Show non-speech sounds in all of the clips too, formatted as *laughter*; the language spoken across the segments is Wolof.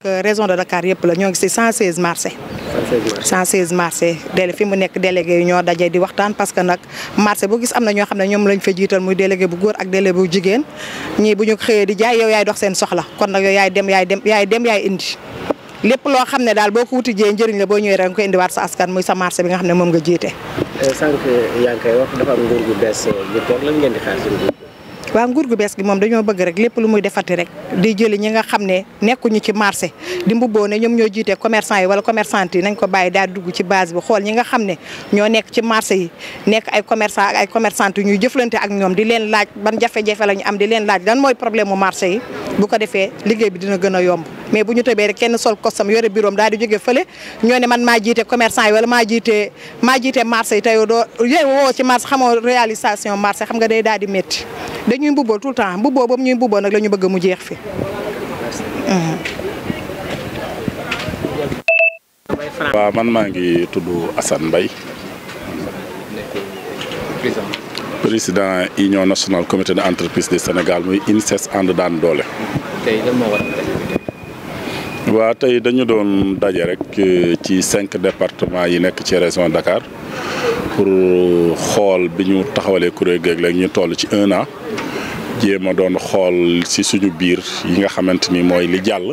ak région de Dakar yëpp la ñoo ngi si 116 marché. 116 marché fi mu nekk délégué yi ñoo daje di waxtaan parce que nag marché bu gis am na ñoo xam ne ñoom lañ fa jiital muy délégué bu góor ak délégué bu jigéen ñii bu ñu xëyee di jaay yow yaay dox seen soxla kon nag yow yaay dem yaay dem yaay dem indi. lépp loo xam ne daal boo ko wuti jee njëriñ la boo ñëwee rek nga koy indiwaat sa askan muy sa marché bi nga xam ne moom nga jiite. Eh, waa nguur gu bees gi moom dañoo bëgg rek lépp lu muy defati rek di jëli ñi nga xam ne nekkuñu ci marché di mbubboo ne ñoom ñoo jiitee commerçant yi wala commerçante yi nañ ko bàyyi daal dugg ci base bi xool ñi xam ne ñoo nekk ci yi nekk ay commerçant ak ay commerçante ñuy jëflante ak ñoom di leen laaj ban jafe la ñu am di leen laaj lan mooy mu marché yi bu ko defee liggéey bi dina gën a mais bu ñu tëbee rek kenn sol kosam yore bureau daal di jóge fële ñoo ne man maa jiite commerçant yi wala maa jiite maa jiite marché yi tey doo yow woo ci marché xamoo réalisation marché xam nga day daal di dañuy mbubboo tout le temps mbubboo boobu ñuy mbubboo nag la ñu bëgg mu jeex fi. Mhm. waaw man maa ngi tudd Assane Mbaye président union nationale comité de entreprise du Sénégal muy INSES ànd daan doole. waa tey dañu doon daje rek eh, ci cinq départements yi nekk ci région Dakar. pour xool bi ñu taxawalee kuréel geeg léegi ñu toll ci un an jéem a doon xool si suñu biir yi nga xamante ni mooy li jàll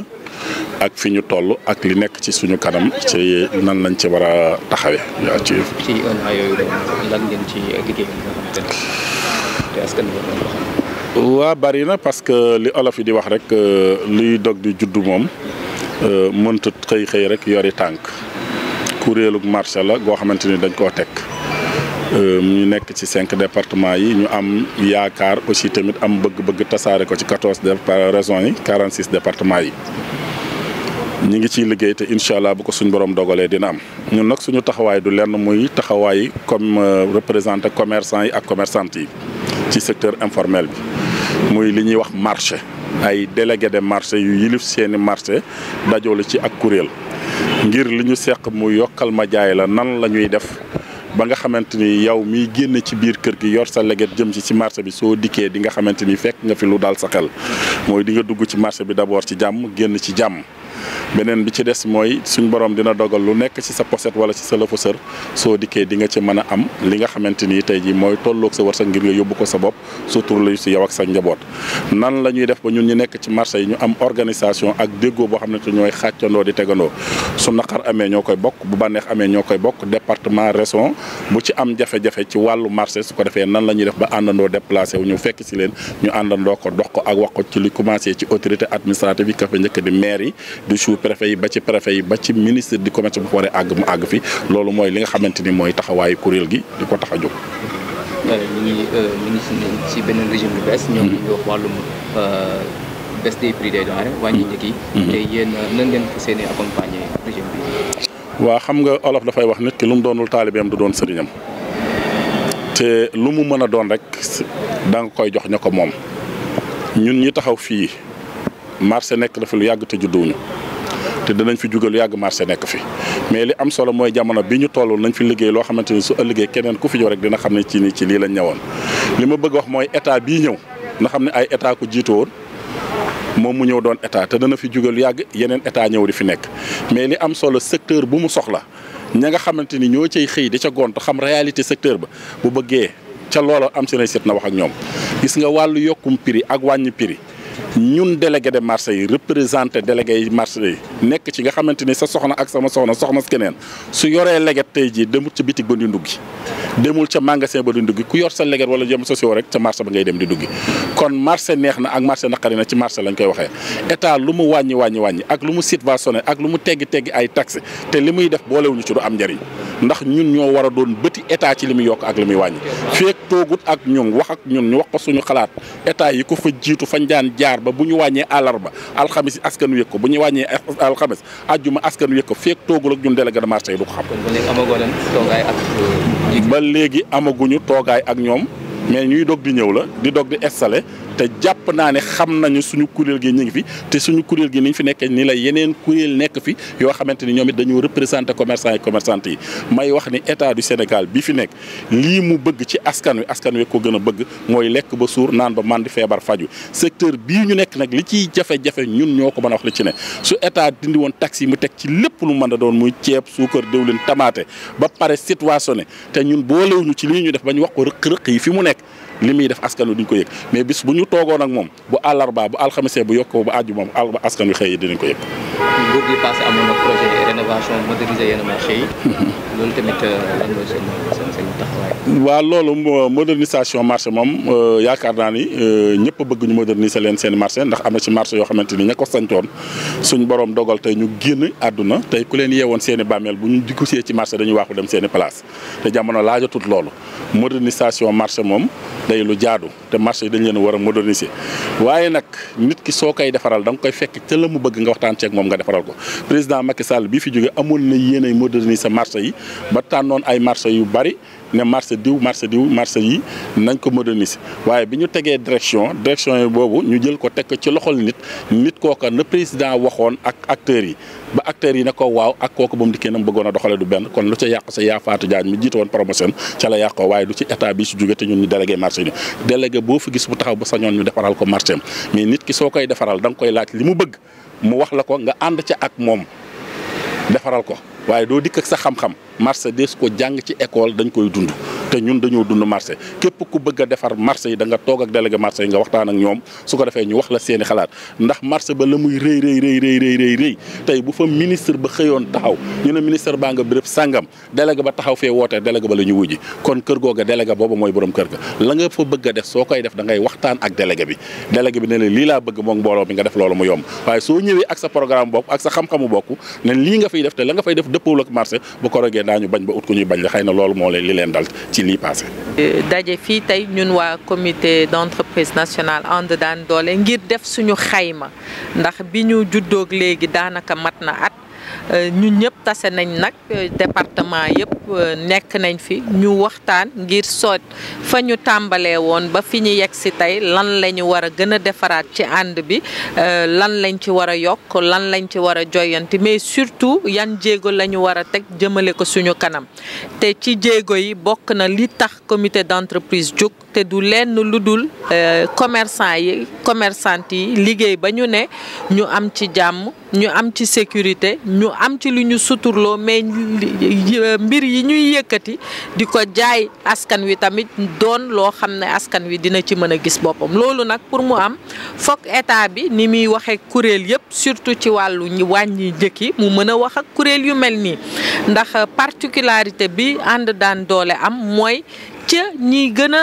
ak fi ñu toll ak li nekk ci suñu kanam ci nan lañ ci war a taxawee. waaw ci waa bari na parce que li olof yi di wax rek euh, luy dog di juddu moom euh, mënta xëy xëy rek yori tànk kuréelug marché la goo xamante ni dañ koo teg. Euh, ñu nekk ci cinq départements yi ñu am yaakaar aussi tamit am bëgg-bëgg tasaare ko ci quatorze régions yi quarante six départements yi ñu ngi ciy liggéey te incha allah bu ko suñ borom dogalee dina am ñun nag suñu taxawaay du lenn muy taxawaay comme euh, représenté commerçant yi ak commerçante yi ci secteur informel bi muy li ñuy wax marché ay délégué de marché yu yilif seeni marché dajoolu ci ak kuréel ngir li ñu seq mu yokkal ma jaay la nan la ñuy def ba nga xamante ni yow miy génn ci biir kër gi yor sa leget jëm ci ci marché bi soo dikkee di nga xamante ni fekk nga fi lu daal sa xel mooy di nga dugg ci marché bi d'abord ci jàmm génn ci jàmm beneen bi ci des mooy suñ borom dina dogal lu nekk ci sa poset wala ci sa lëfu sër soo dikkee di nga ci mën a am li nga xamante ni tey jii mooy tolloog sa wërsëg ngir nga yóbbu ko sa bopp surtout lu si yow ak sa njaboot. nan la ñuy def ba ñun ñu nekk ci marché yi ñu am organisation ak déggoo boo xam ne te ñooy xàccandoo di tegandoo su naqar amee ñoo koy bokk bu banneex amee ñoo koy bokk département région bu ci am jafe-jafe ci wàllu marché su ko defee nan la ñuy def ba àndandoo déplacé wu ñu fekk si leen ñu àndandoo ko dox ko ak wax ko ci li commencé ci autorité administrative yi ka fa njëkk di maire yi du sous préfet yi ba ci préfet yi ba ci ministre di commerce bu ko àgg mu àgg fi loolu mooy li nga xamante ni mooy taxawaayu kuréel gi di ko taxa a jóg. ñu ngi euh, ñu ngi si beneen régime bu bees. Mm-hmm. ñoom ñu wax wàllum euh, baisse des prix des denrées. wàññi njëg waa xam nga olof dafay wax nit ki lu mu doonul taalibeem du doon sëriñam te lu mu mën a doon rek da nga koy jox ña ko moom ñun ñi taxaw fii marché nekk na fi lu yàgg te ñu te danañ fi jugal yàgg marché nekk fi mais li am solo mooy jamono bi ñu toll nañ fi liggéey loo xamante ni su ëllëgee keneen ku fi ñëw rek dina xam ne ci nii ci lii lañ ñëwoon. li ma bëgg wax mooy état bii ñëw na xam ne ay état ku jiitu woon moom mu ñëw doon état te dana fi jugal yàgg yeneen état ñëw di fi nekk mais li am solo secteur bu mu soxla ña nga xamante ni ñoo ciy xëy di ca gont xam réalité secteur ba bu bëggee ca loola am si seen set na wax ak ñoom gis nga wàllu yokkum prix ak wàññi prix ñun délégué de marché yi représenté délégué yi marché yi nekk ci nga xamante ni sa soxna ak sama soxna soxna si keneen su yoree leget tey jii demul ca bitig ba di nduggi demul ca magasin ba di nduggi ku yor sa leget wala jëm sociaux rek ca marché ba ngay dem di duggi kon marché neex na ak marché naqari na ci marché lañ koy waxee état lu mu wàññi wàññi wàññi ak lu mu subventionné ak lu mu teggi teggi ay taxe te li muy def boolewuñu ci du am njariñ ndax ñun ñoo war a doon bëti état ci li muy yokk ak li muy wàññi feeg toogut ak ñun wax ak ñun ñu wax ko suñu xalaat état yi ko jiitu fañ daan jaar ba bu ñu wàññee àllarba alxamis askan wi yëg ko bu ñu wàññee alxames àjjuma askan wi ko feeg toogul ak ñun délégué de marché yi du ko xam. ba léegi amagoo euh, léegi amaguñu toogaay ak ñoom mais ñuy dog di ñëw la di dog di installé te jàpp naa ne xam nañu suñu kuréel gi ñu ngi fi te suñu kuréel gi niñ fi nekkee ni la yeneen kuréel nekk fi yoo xamante ni ñoom it dañu représenté commerçant yi commerçante yi may wax ni état du Sénégal bi fi nekk lii mu bëgg ci askan wi askan wi ko gën a bëgg mooy lekk ba suur naan ba feebar faju secteur bii ñu nekk nag li ciy jafe-jafe ñun ñoo ko mën a wax li ci ne su état dindi woon taxe mu teg ci lépp lu mën a doon muy ceeb suukar diwlin tamaate ba pare situationné te ñun boolewuñu ci lii ñu def ba ñu wax ko rëq-rëq yi fi mu nekk li muy def askan wi duñ ko yëg mais bu ñu toogoon ak moom bu àllarbaa bu alxamise bu yokk bu àjjuma bu askan wi xëy yi dinañ ko yëpp. nguur gi passé amoon na projet rénovation moderniser yenn marché yi. *laughs* waaw loolu modernisation marché moom euh, yaakaar naa ni euh, ñëpp bëgg ñu moderniser leen seen marché ndax am na ci yoo xamante ni ña ko sancoon suñ borom dogal tey ñu génn àdduna tey ku leen yeewoon seen i bàmmeel bu ñu dikkusee ci marché dañuy waaxu dem seen i place te jamono laajatut loolu modernisation marché moom day lu jaadu te marché yi dañ leen war a moderniser waaye nag nit ki soo koy defaral da nga koy fekk ca la mu bëgg nga waxtaan ceeg moom nga defaral ko président Macky Sall bi fi jóge amoon na yéenay moderniser marché yi ba tànnoon ay marché yu bari ne marché diw marché diw marché yi nañ ko moderniser waaye bi ñu tegee direction direction yi boobu ñu jël ko teg ci loxol nit nit kooka na président waxoon ak acteurs yi ba acteurs yi ne ko waaw ak kooku ba mu dikkee nam bëggoon a doxale du benn kon lu ca yàq sa yaa Fatou Diagne mi jiite woon promotion ca la yàqoo waaye du ci état bi su jóge te ñun ñu délégué marché yi délégué boo fi gis bu taxaw ba sañoon ñu defaral ko marché am mais nit ki soo koy defaral da nga koy laaj mu bëgg mu wax la ko nga ànd ca ak moom defaral ko waaye doo dikk ak sa xam-xam marché ko jàng ci école dañu koy dund te ñun dañoo dund marché képp ku bëgg a defar marché yi da nga toog ak délégué marché yi nga waxtaan ak ñoom su ko defee ñu wax la seeni xalaat ndax marché ba la muy rëy rëy rëy rëy bu fa ministre ba xëyoon taxaw ñu ne ministre baa nga béréb sàngam délégué ba taxaw fee wootee délégué ba la ñu wujji kon kër googa délégué booba mooy borom kër ga la nga fa bëgg a def soo koy def da ngay waxtaan ak délégué bi délégué bi ne la lii laa bëgg moom mbooloo bi nga def loolu mu yomb waaye soo ñëwee ak sa programme ak sa xam-xamu bokk ne lii nga la nga fay def dëppoo ak marché ko rogee daañu bañ ba ut bañ la na loolu moo leen li leen dal ci lii passé. daje fii tey ñun waa comité d'entreprise nationale ànd daan doole ngir def suñu xayma ndax bi ñu juddoog léegi daanaka mat na at. Euh, ñu ñëpp tase nañ nag euh, département yëpp euh, nekk nañ fi ñu waxtaan ngir soot fa ñu tàmbalee woon ba fi ñu yegg si tey lan la ñu war a gën a defaraat ci ànd bi lan lañ ci war a yokk lan lañ ci war a joyanti mais surtout yan jéego la ñu war a teg jëmale ko suñu kanam te ci jéego yi bokk na li tax comité d'entreprise jóg te du lenn lu dul euh, commerçant yi commerçante yi liggéey ba ñu ne ñu am ci jàmm ñu am ci sécurité ñu am ci lu ñu suturloo mais euh, mbir yi ñuy yëkkati di ko jaay askan wi tamit doon loo xam ne askan wi dina ci mën a gis boppam loolu nag pour mu am foog état bi ni muy waxee kuréel yëpp surtout ci wàllu ñi wàññi njëkki mu mën a wax ak kuréel yu mel nii ndax particularité bi ànd daan doole am mooy ca ñi gën a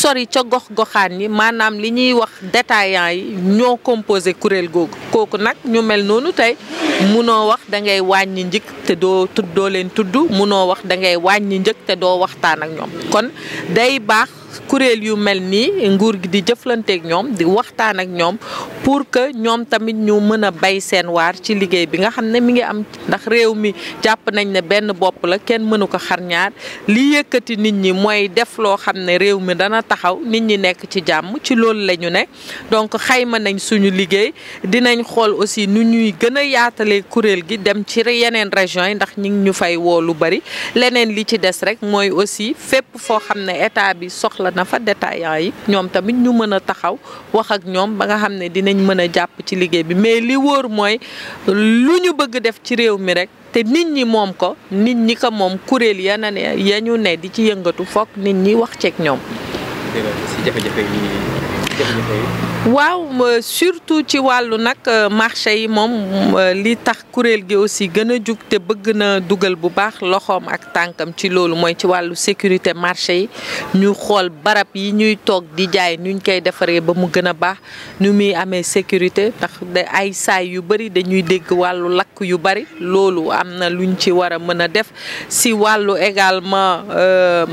sori ca gox-goxaan yi maanaam li ñuy wax détaillants yi ñoo composé kuréel googu kooku nag ñu mel noonu tey munoo wax da ngay wàññi njëkk te doo tudd doo leen tudd munoo wax da ngay wàññi njëkk te doo waxtaan ak ñoom kon day baax. kuréel yu mel nii nguur gi di jëflanteeg ñoom di waxtaan ak ñoom pour que ñoom tamit ñu mën a bay seen waar ci liggéey bi nga xam ne mi ngi am ndax réew mi jàpp nañ ne benn bopp la kenn mënu ko xarñaar li yëkkati nit ñi mooy def loo xam ne réew mi dana taxaw nit ñi nekk ci jàmm ci loolu la ñu ne donc xayma nañ suñu liggéey dinañ xool aussi nu ñuy gën a yaatalee kuréel gi dem ci yeneen région yi ndax ñi ñu fay woo lu bari leneen li ci des rek mooy aussi soxla na fa détaillants yi ñoom tamit ñu mën a taxaw wax ak ñoom ba nga xam ne dinañ mëna jàpp ci liggéey bi mais li wóor mooy lu ñu bëgg def ci réew mi rekk te nit ñi moom ko nit ñi ko moom kuréel ya na ne ya ñu ne di ci yëngatu foog nit ñi wax ceeg ñoom. waaw surtout ci wàllu nag euh, marché yi moom euh, li tax kuréel gi aussi gën a jug te bëgg na dugal bu baax loxoom ak tànkam ci loolu mooy ci wàllu sécurité marché yi ñu xool barab yi ñuy toog di jaay nuñ koy defaree ba mu gën a baax nu muy amee sécurité ndax da ay saay yu bëri dañuy dégg wàllu lakk yu bari loolu am na luñ ci war a mën a def si wàllu également euh,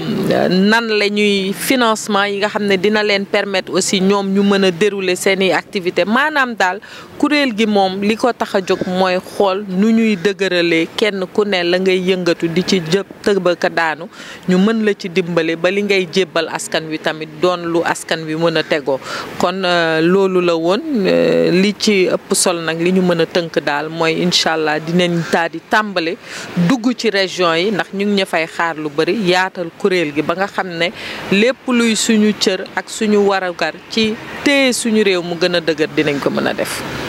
nan la ñuy financement yi nga xam ne dina leen permettre aussi ñoom ñu mën a dérouler dérouler seeni activité maanaam daal kuréel gi moom li ko tax a jóg mooy xool nu ñuy dëgëralee kenn ku ne la ngay yëngatu di ci jëb tëbaka daanu ñu mën la ci dimbale ba li ngay jébbal askan wi tamit doon lu askan wi mën a tegoo kon euh, loolu la woon euh, li ci ëpp sol nag li ñu mën a tënk daal mooy incha allah dinañ daal di tàmbale dugg ci région yi ndax ñu ngi xaar lu bëri yaatal kuréel gi ba nga xam ne lépp luy suñu cër ak suñu warugar ci téye suñu réew mu gën a dëgër dinañ ko mën a def.